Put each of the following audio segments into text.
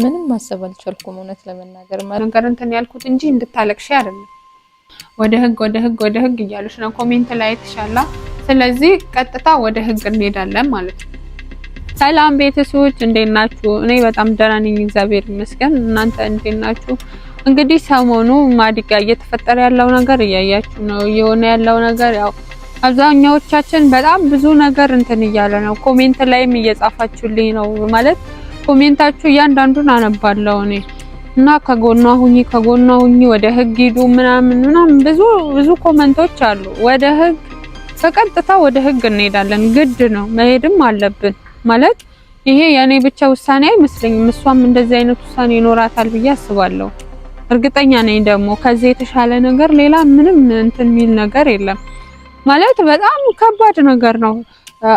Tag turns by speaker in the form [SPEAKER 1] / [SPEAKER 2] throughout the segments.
[SPEAKER 1] ምንም ማሰብ አልቻልኩም። እውነት ለመናገር
[SPEAKER 2] ነገር እንትን ያልኩት እንጂ እንድታለቅሽ አይደለም። ወደ ህግ ወደ ህግ ወደ ህግ እያሉች ነው፣ ኮሜንት ላይ ትሻላ። ስለዚህ ቀጥታ ወደ ህግ እንሄዳለን ማለት ነው። ሰላም ቤተሰቦች እንዴት ናችሁ? እኔ በጣም ደህና ነኝ፣ እግዚአብሔር ይመስገን። እናንተ እንዴት ናችሁ? እንግዲህ ሰሞኑ ማዲጋ እየተፈጠረ ያለው ነገር እያያችሁ ነው። እየሆነ ያለው ነገር ያው አብዛኛዎቻችን በጣም ብዙ ነገር እንትን እያለ ነው። ኮሜንት ላይም እየጻፋችሁልኝ ነው ማለት ኮሜንታችሁ እያንዳንዱን አነባለሁ እኔ እና ከጎኗ ሁኚ ከጎኗ ሁኚ ወደ ህግ ሂዱ ምናምን ምናምን ብዙ ብዙ ኮመንቶች አሉ። ወደ ህግ በቀጥታ ወደ ህግ እንሄዳለን። ግድ ነው መሄድም አለብን ማለት ይሄ የእኔ ብቻ ውሳኔ አይመስለኝም። እሷም እንደዚህ አይነት ውሳኔ ይኖራታል ብዬ አስባለሁ። እርግጠኛ ነኝ ደግሞ ከዚህ የተሻለ ነገር ሌላ ምንም እንትን የሚል ነገር የለም። ማለት በጣም ከባድ ነገር ነው።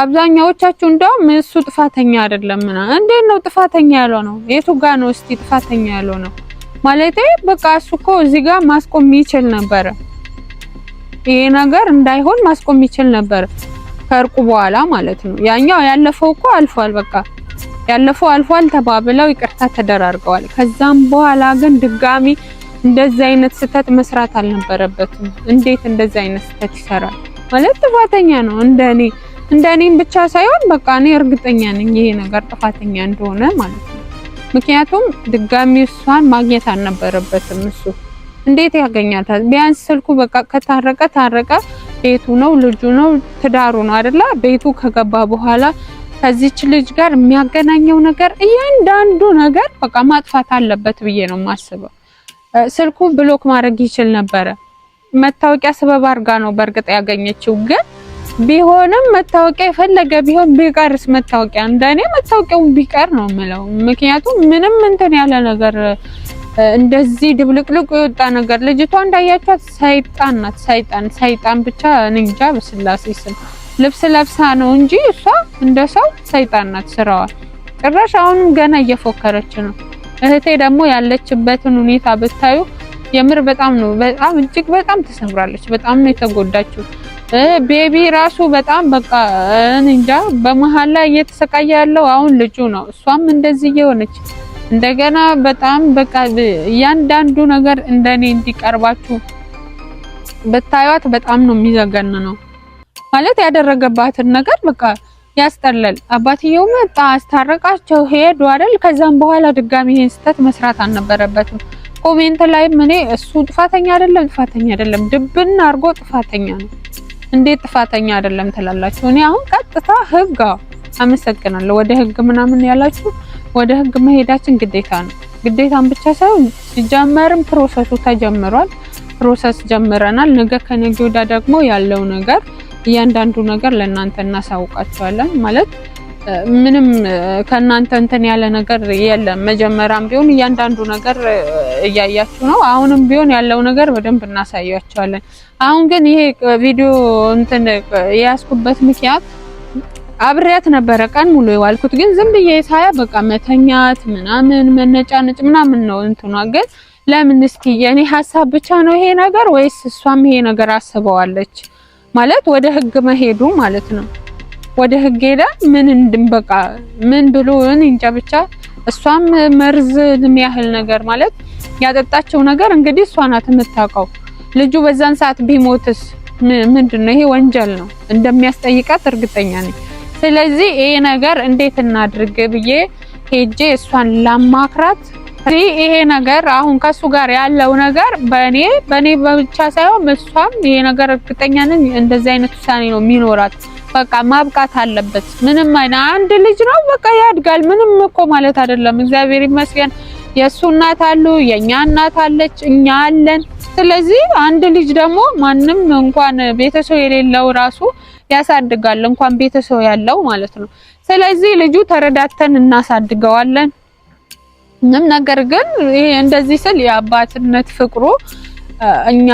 [SPEAKER 2] አብዛኛዎቻችሁ እንደውም እሱ ጥፋተኛ አይደለም እና እንዴት ነው ጥፋተኛ ያለው ነው? የቱ ጋ ነው እስቲ ጥፋተኛ ያለው ነው? ማለቴ በቃ እሱ እኮ እዚህ ጋር ማስቆም ይችል ነበረ። ይሄ ነገር እንዳይሆን ማስቆም ይችል ነበር ከእርቁ በኋላ ማለት ነው። ያኛው ያለፈው እኮ አልፏል። በቃ ያለፈው አልፏል ተባብለው ይቅርታ ተደራርገዋል። ከዛም በኋላ ግን ድጋሚ እንደዚህ አይነት ስህተት መስራት አልነበረበትም። እንዴት እንደዚህ አይነት ስህተት ይሰራል? ማለት ጥፋተኛ ነው እንደኔ እንደ እኔም ብቻ ሳይሆን በቃ እኔ እርግጠኛ ነኝ ይሄ ነገር ጥፋተኛ እንደሆነ ማለት ነው። ምክንያቱም ድጋሚ እሷን ማግኘት አልነበረበትም። እሱ እንዴት ያገኛታል? ቢያንስ ስልኩ በቃ ከታረቀ ታረቀ፣ ቤቱ ነው፣ ልጁ ነው፣ ትዳሩ ነው አይደለ? ቤቱ ከገባ በኋላ ከዚች ልጅ ጋር የሚያገናኘው ነገር እያንዳንዱ ነገር በቃ ማጥፋት አለበት ብዬ ነው የማስበው። ስልኩ ብሎክ ማድረግ ይችል ነበረ። መታወቂያ ስበብ አድርጋ ነው በእርግጥ ያገኘችው ግን ቢሆንም መታወቂያ የፈለገ ቢሆን ቢቀርስ መታወቂያ እንደኔ መታወቂያው ቢቀር ነው የምለው። ምክንያቱም ምንም እንትን ያለ ነገር እንደዚህ ድብልቅልቁ የወጣ ነገር ልጅቷ እንዳያቸት ሰይጣን ናት። ሰይጣን ሰይጣን ብቻ ንጃ በስላሴ ስም ልብስ ለብሳ ነው እንጂ እሷ እንደ ሰው ሰይጣን ናት ስራዋ። ጭራሽ አሁንም ገና እየፎከረች ነው። እህቴ ደግሞ ያለችበትን ሁኔታ ብታዩ የምር በጣም ነው በጣም እጅግ በጣም ተሰብራለች። በጣም ነው የተጎዳችው። ቤቢ ራሱ በጣም በቃ እንጃ በመሀል ላይ እየተሰቃየ ያለው አሁን ልጁ ነው። እሷም እንደዚህ እየሆነች እንደገና በጣም በቃ እያንዳንዱ ነገር እንደኔ እንዲቀርባችሁ ብታዩት በጣም ነው የሚዘገን ነው ማለት ያደረገባትን ነገር በቃ ያስጠላል። አባትየው መጣ፣ አስታረቃቸው፣ ሄዱ አይደል? ከዛም በኋላ ድጋሚ ይሄን ስህተት መስራት አልነበረበትም። ኮሜንት ላይም እኔ እሱ ጥፋተኛ አይደለም ጥፋተኛ አይደለም ድብና አድርጎ ጥፋተኛ ነው። እንዴት ጥፋተኛ አይደለም ትላላችሁ? እኔ አሁን ቀጥታ ህግ አመሰግናለሁ። ወደ ህግ ምናምን ያላችሁ ወደ ህግ መሄዳችን ግዴታ ነው። ግዴታን ብቻ ሳይሆን ሲጀመርም ፕሮሰሱ ተጀምሯል። ፕሮሰስ ጀምረናል። ነገ ከነገ ወዲያ ደግሞ ያለው ነገር እያንዳንዱ ነገር ለእናንተ እናሳውቃቸዋለን ማለት ምንም ከእናንተ እንትን ያለ ነገር የለም። መጀመሪያም ቢሆን እያንዳንዱ ነገር እያያችሁ ነው። አሁንም ቢሆን ያለው ነገር በደንብ እናሳያቸዋለን። አሁን ግን ይሄ ቪዲዮ እንትን የያዝኩበት ምክንያት አብሬያት ነበረ ቀን ሙሉ የዋልኩት፣ ግን ዝም ብዬ ሳያ በቃ መተኛት ምናምን መነጫነጭ ምናምን ነው እንትኗ ግን ለምን እስኪ የኔ ሀሳብ ብቻ ነው ይሄ ነገር ወይስ እሷም ይሄ ነገር አስበዋለች? ማለት ወደ ህግ መሄዱ ማለት ነው ወደ ህግ ሄዳ ምን እንድንበቃ ምን ብሎ እንጃ ብቻ እሷም መርዝ የሚያህል ነገር ማለት ያጠጣቸው ነገር እንግዲህ እሷ ናት የምታውቀው። ልጁ በዛን ሰዓት ቢሞትስ ምንድን ነው? ይሄ ወንጀል ነው እንደሚያስጠይቃት እርግጠኛ ነኝ። ስለዚህ ይሄ ነገር እንዴት እናድርግ ብዬ ሄጄ እሷን ላማክራት። ይሄ ነገር አሁን ከሱ ጋር ያለው ነገር በእኔ በኔ ብቻ ሳይሆን እሷም ይሄ ነገር እርግጠኛ ነኝ እንደዚህ አይነት ውሳኔ ነው የሚኖራት። በቃ ማብቃት አለበት። ምንም አይነ አንድ ልጅ ነው በቃ ያድጋል። ምንም እኮ ማለት አይደለም። እግዚአብሔር ይመስገን የእሱ እናት አሉ፣ የእኛ እናት አለች፣ እኛ አለን። ስለዚህ አንድ ልጅ ደግሞ ማንም እንኳን ቤተሰብ የሌለው ራሱ ያሳድጋል፣ እንኳን ቤተሰብ ያለው ማለት ነው። ስለዚህ ልጁ ተረዳተን እናሳድገዋለን። ምንም ነገር ግን ይሄ እንደዚህ ስል የአባትነት ፍቅሩ እኛ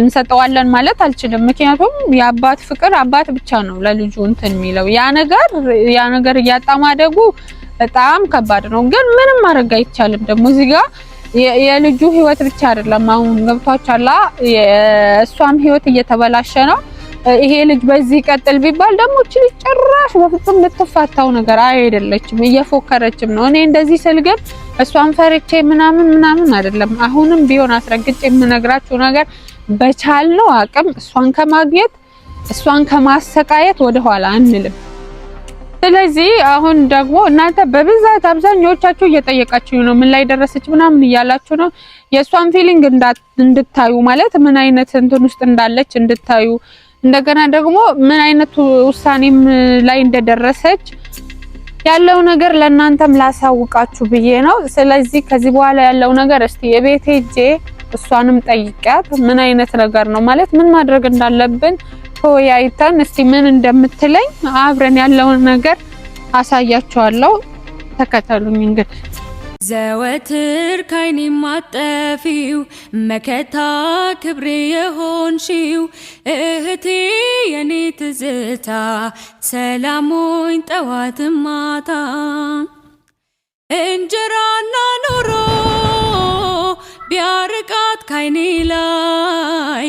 [SPEAKER 2] እንሰጠዋለን ማለት አልችልም። ምክንያቱም የአባት ፍቅር አባት ብቻ ነው ለልጁ እንትን የሚለው ያ ነገር ያ ነገር እያጣማደጉ በጣም ከባድ ነው። ግን ምንም ማድረግ አይቻልም። ደግሞ እዚህ ጋር የልጁ ህይወት ብቻ አይደለም አሁን ገብቷችኋል። እሷም ህይወት እየተበላሸ ነው ይሄ ልጅ በዚህ ቀጥል ቢባል ደግሞ እቺ ልጅ ጭራሽ በፍጹም የምትፋታው ነገር አይደለችም፣ እየፎከረችም ነው። እኔ እንደዚህ ስል ግን እሷን ፈርቼ ምናምን ምናምን አይደለም። አሁንም ቢሆን አስረግጬ የምነግራችሁ ነገር በቻልነው አቅም እሷን ከማግኘት እሷን ከማሰቃየት ወደኋላ አንልም። ስለዚህ አሁን ደግሞ እናንተ በብዛት አብዛኛዎቻችሁ እየጠየቃችሁ ነው፣ ምን ላይ ደረሰች ምናምን እያላችሁ ነው። የእሷን ፊሊንግ እንድታዩ ማለት ምን አይነት እንትን ውስጥ እንዳለች እንድታዩ እንደገና ደግሞ ምን አይነት ውሳኔም ላይ እንደደረሰች ያለው ነገር ለእናንተም ላሳውቃችሁ ብዬ ነው። ስለዚህ ከዚህ በኋላ ያለው ነገር እስቲ የቤት ሄጄ እሷንም ጠይቂያት ምን አይነት ነገር ነው ማለት ምን ማድረግ እንዳለብን ተወያይተን እስቲ ምን እንደምትለኝ አብረን ያለውን ነገር አሳያችኋለሁ። ተከተሉኝ እንግዲህ ዘወትር ካይኔ ማጠፊው መከታ ክብሬ የሆንሺው እህቴ የኔ ትዝታ ሰላሙኝ ጠዋት ማታ እንጀራና ኖሮ ቢያርቃት ካይኔ ላይ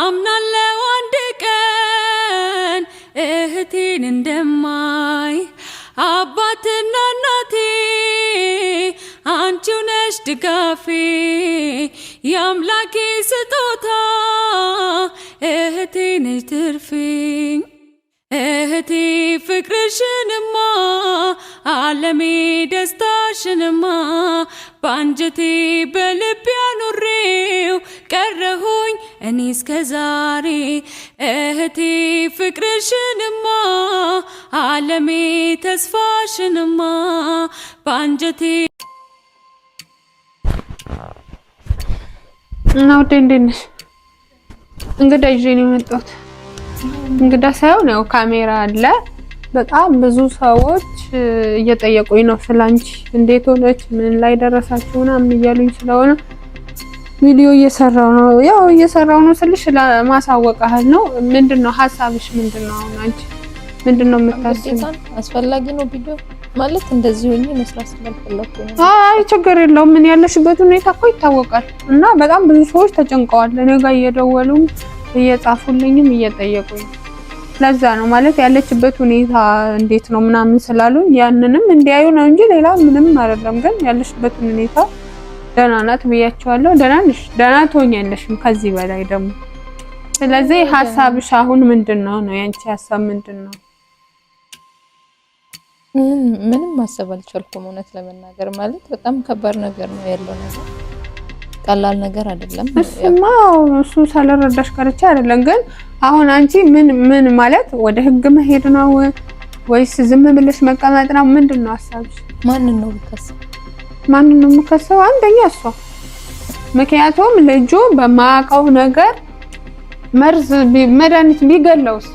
[SPEAKER 2] አምናለው አንድ ቀን እህቴን እንደማይ አባትና እናቴ አንቺ ነሽ ድጋፌ የአምላኬ ስጦታ እህቴ ነሽ ትርፌ እህቴ ፍቅርሽንማ አለሜ ደስታሽንማ በአንጀቴ በልቤ አኑሬው ቀረሁኝ እኔ እስከ ዛሬ እህቴ ፍቅርሽንማ አለሜ ተስፋሽንማ በአንጀቴ እና ውዴ እንዴት ነሽ? እንግዳ ይዤ ነው የመጣሁት። እንግዳ ሳይሆን ያው ካሜራ አለ። በጣም ብዙ ሰዎች እየጠየቁኝ ነው ስላንቺ፣ እንዴት ሆነች፣ ምን ላይ ደረሳችሁ ምናምን እያሉኝ ስለሆነ ቪዲዮ እየሰራው ነው። ያው እየሰራው ነው ስልሽ ለማሳወቅ ነው። ምንድን ነው ሀሳብሽ? ምንድን ነው አሁን አንቺ ምንድን ነው የምታስቢው?
[SPEAKER 1] አስፈላጊ ነው ቪዲዮ ማለት እንደዚህ ሆኜ መስራት ስለፈለኩ
[SPEAKER 2] አይ ችግር የለውም። ምን ያለሽበት ሁኔታ እኮ ይታወቃል እና በጣም ብዙ ሰዎች ተጨንቀዋል። እኔ ጋር እየደወሉም እየጻፉልኝም እየጠየቁኝ ለዛ ነው ማለት ያለችበት ሁኔታ እንዴት ነው ምናምን ስላሉኝ ያንንም እንዲያዩ ነው እንጂ ሌላ ምንም አይደለም። ግን ያለሽበትን ሁኔታ ደህና ናት ብያቸዋለሁ። ደህና ነሽ፣ ደህና ትሆኛለሽም ከዚህ በላይ ደግሞ። ስለዚህ ሀሳብሽ አሁን ምንድን ነው ነው ያንቺ ሀሳብ ምንድን ነው?
[SPEAKER 1] ምንም ማሰብ አልቻልኩም። እውነት ለመናገር ማለት በጣም ከባድ ነገር ነው ያለው ነገር፣ ቀላል ነገር አይደለም።
[SPEAKER 2] እሱማ እሱ ሳልረዳሽ ቀርቼ አይደለም። ግን አሁን አንቺ ምን ምን ማለት ወደ ህግ መሄድ ነው ወይስ ዝም ብለሽ መቀመጥ ነው? ምንድን ነው ሀሳብሽ?
[SPEAKER 1] ማንን ነው የምከሰው?
[SPEAKER 2] ማንን ነው የምከሰው? አንደኛ እሷ፣ ምክንያቱም ልጁ በማያውቀው ነገር መርዝ መድኃኒት ቢገለውስ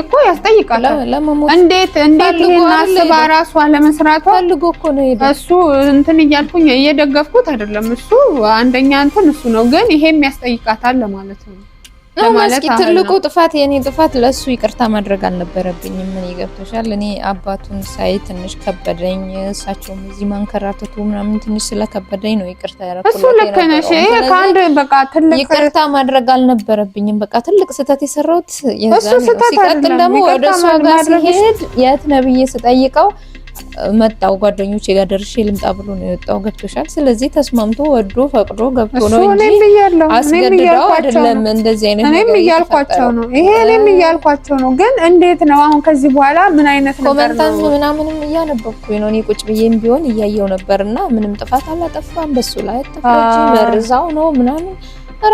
[SPEAKER 2] እኮ ያስጠይቃል። እንዴት እንዴት ይሄን አስባ ራሷ ለመስራቷ
[SPEAKER 1] ፈልጎ እኮ ነው የሄደው።
[SPEAKER 2] እሱ እንትን እያልኩኝ እየደገፍኩት አይደለም። እሱ አንደኛ እንትን እሱ ነው፣ ግን ይሄም ያስጠይቃታል ለማለት ነው።
[SPEAKER 1] እስኪ ትልቁ ጥፋት የኔ ጥፋት ለሱ ይቅርታ ማድረግ አልነበረብኝም። ምን ይገብቶሻል? እኔ አባቱን ሳይ ትንሽ ከበደኝ። እሳቸውም እዚህ ማንከራተቱ ምናምን ትንሽ ስለከበደኝ ነው ይቅርታ ያደረኩት።
[SPEAKER 2] እሱ ልክ ነሽ። ከአንድ በቃ ትልቅ
[SPEAKER 1] ይቅርታ ማድረግ አልነበረብኝም። በቃ ትልቅ ስህተት የሰራሁት የዛን። ሲቀጥል ደግሞ ወደ እሷ ጋር ሲሄድ የት ነብዬ ስጠይቀው መጣው ጓደኞች ጋር ደርሼ ልምጣ ብሎ ነው የወጣው። ገብቶሻል? ስለዚህ ተስማምቶ ወዶ ፈቅዶ ገብቶ ነው እንጂ አስገድደው አይደለም። እንደዚህ አይነት
[SPEAKER 2] እኔም እያልኳቸው ነው ይሄ እኔም እያልኳቸው ነው። ግን እንዴት ነው አሁን ከዚህ በኋላ ምን አይነት
[SPEAKER 1] ነገር ነው? ኮመንታን ምናምንም እያነበብኩኝ ነው እኔ ቁጭ ብዬም ቢሆን እያየው ነበርና ምንም ጥፋት አላጠፋም በሱ ላይ አጠፋች መርዛው ነው ምናምን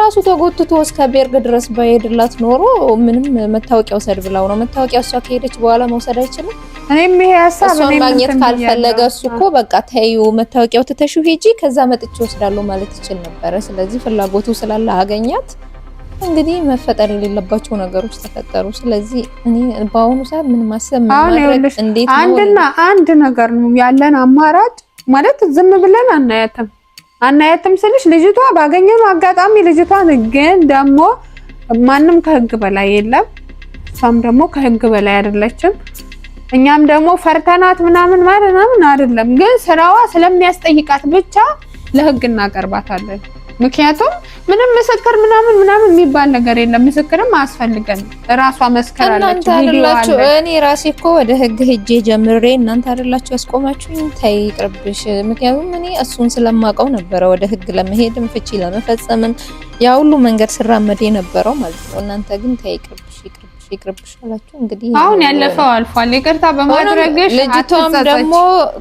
[SPEAKER 1] ራሱ ተጎትቶ እስከ ቤርግ ድረስ በሄድላት ኖሮ ምንም መታወቂያ ውሰድ ብላው ነው። መታወቂያ እሷ ከሄደች በኋላ መውሰድ አይችልም።
[SPEAKER 2] እኔም ይሄ ሀሳብ
[SPEAKER 1] እኔም ማግኘት ካልፈለገ እሱ እኮ በቃ ተይው፣ መታወቂያው ትተሽው ሄጂ፣ ከዛ መጥቼ ወስዳለሁ ማለት ይችል ነበረ። ስለዚህ ፍላጎቱ ስላለ አገኛት። እንግዲህ መፈጠር የሌለባቸው ነገሮች ተፈጠሩ። ስለዚህ እኔ በአሁኑ ሰዓት ምን ማሰብ
[SPEAKER 2] ማድረግ እንዴት ነው አንድና አንድ ነገር ነው ያለን አማራጭ ማለት ዝም ብለን አናያትም። አናያትም ስልሽ ልጅቷ ባገኘው አጋጣሚ ልጅቷን ግን ደግሞ ማንም ከህግ በላይ የለም። እሷም ደግሞ ከህግ በላይ አይደለችም። እኛም ደግሞ ፈርተናት ምናምን ማለት ምናምን አይደለም፣ ግን ስራዋ ስለሚያስጠይቃት ብቻ ለህግ እናቀርባታለን። ምክንያቱም ምንም ምስክር ምናምን ምናምን የሚባል ነገር የለም። ምስክርም አያስፈልገን። ራሷ መስከር
[SPEAKER 1] እናንተ አይደላችሁ። እኔ ራሴ እኮ ወደ ህግ ሄጄ ጀምሬ እናንተ አይደላችሁ ያስቆማችሁኝ። ተይ ይቅርብሽ። ምክንያቱም እኔ እሱን ስለማውቀው ነበረ ወደ ህግ ለመሄድም ፍቺ ለመፈጸምም ያ ሁሉ መንገድ ስራመድ የነበረው ማለት ነው። እናንተ ግን ተይ ይቅርብሽ። ይቅርብሽ አላችሁ። እንግዲህ
[SPEAKER 2] አሁን ያለፈው አልፏል ይቅርታ በማድረግሽ
[SPEAKER 1] ልጅቷም ደግሞ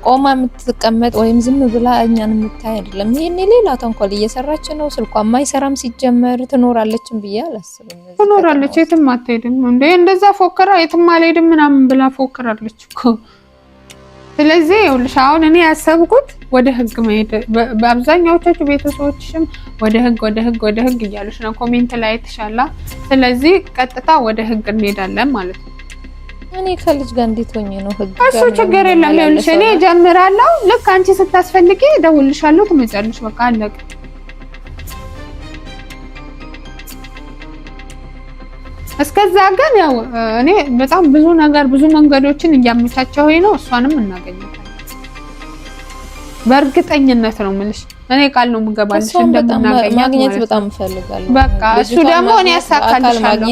[SPEAKER 1] ቆማ የምትቀመጥ ወይም ዝም ብላ እኛን የምታይ አይደለም። ይህን ሌላ ተንኮል እየሰራች ነው። ስልኳ ማይሰራም ሲጀመር ትኖራለችን ብዬ አላስብም።
[SPEAKER 2] ትኖራለች፣ የትም አትሄድም። እንደ እንደዛ ፎከራ የትም አልሄድም ምናምን ብላ ፎከራለች እኮ ስለዚህ ይኸውልሽ አሁን እኔ ያሰብኩት ወደ ህግ መሄድ በአብዛኛዎቻችሁ ቤተሰቦችሽም ወደ ህግ ወደ ህግ ወደ ህግ እያሉች ነው፣ ኮሜንት ላይ ትሻላ። ስለዚህ ቀጥታ ወደ ህግ እንሄዳለን ማለት ነው።
[SPEAKER 1] እኔ ከልጅ ጋር እንዴት ሆኜ ነው ህግ?
[SPEAKER 2] እሱ ችግር የለም ይኸውልሽ እኔ ጀምራለሁ። ልክ አንቺ ስታስፈልጊ ደውልሻለሁ፣ ትመጫለሽ። በቃ አለቀ። እስከዛ ግን ያው እኔ በጣም ብዙ ነገር ብዙ መንገዶችን እያመቻቸው ነው። እሷንም እናገኘታለን በእርግጠኝነት ነው የምልሽ። እኔ ቃል ነው የምገባልሽ
[SPEAKER 1] እንደምናገኛት ማግኘት በጣም እፈልጋለሁ።
[SPEAKER 2] በቃ እሱ ደግሞ እኔ ያሳካልሻለሁ፣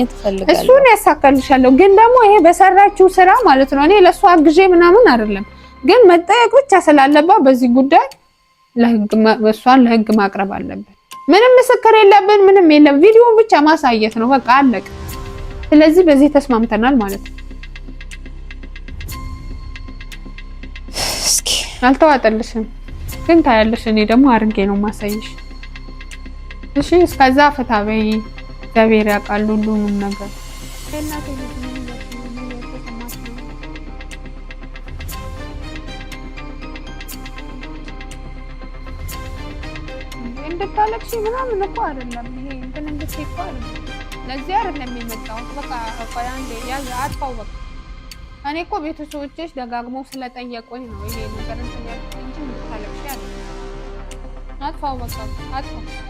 [SPEAKER 2] እሱን ያሳካልሻለሁ። ግን ደግሞ ይሄ በሰራችው ስራ ማለት ነው እኔ ለእሷ አግዤ ምናምን አይደለም፣ ግን መጠየቅ ብቻ ስላለባት በዚህ ጉዳይ እሷን ለህግ ማቅረብ አለብን። ምንም ምስክር የለብን፣ ምንም የለም። ቪዲዮን ብቻ ማሳየት ነው በቃ አለቀ። ስለዚህ በዚህ ተስማምተናል ማለት ነው። እስኪ አልተዋጠልሽም፣ ግን ታያለሽ። እኔ ደግሞ አድርጌ ነው ማሳይሽ። እሺ እስከዛ ፈታ በይ። እግዚአብሔር ያውቃል ሁሉንም ነገር። እንድታለቅሽ ምናምን እኮ አይደለም ይሄ እንትን እንድትይ እኮ አይደለም ለዚህ አይደለም የመጣሁት። በቃ ቆይ አንዴ ያዝ አጥፋው። በቃ እኔ እኮ ቤተሰቦችሽ ደጋግሞ ስለጠየቁኝ ነው ይሄ ነገር እንትን ያልኩት እንጂ ምታለቅሽ አይደለም። አጥፋው በቃ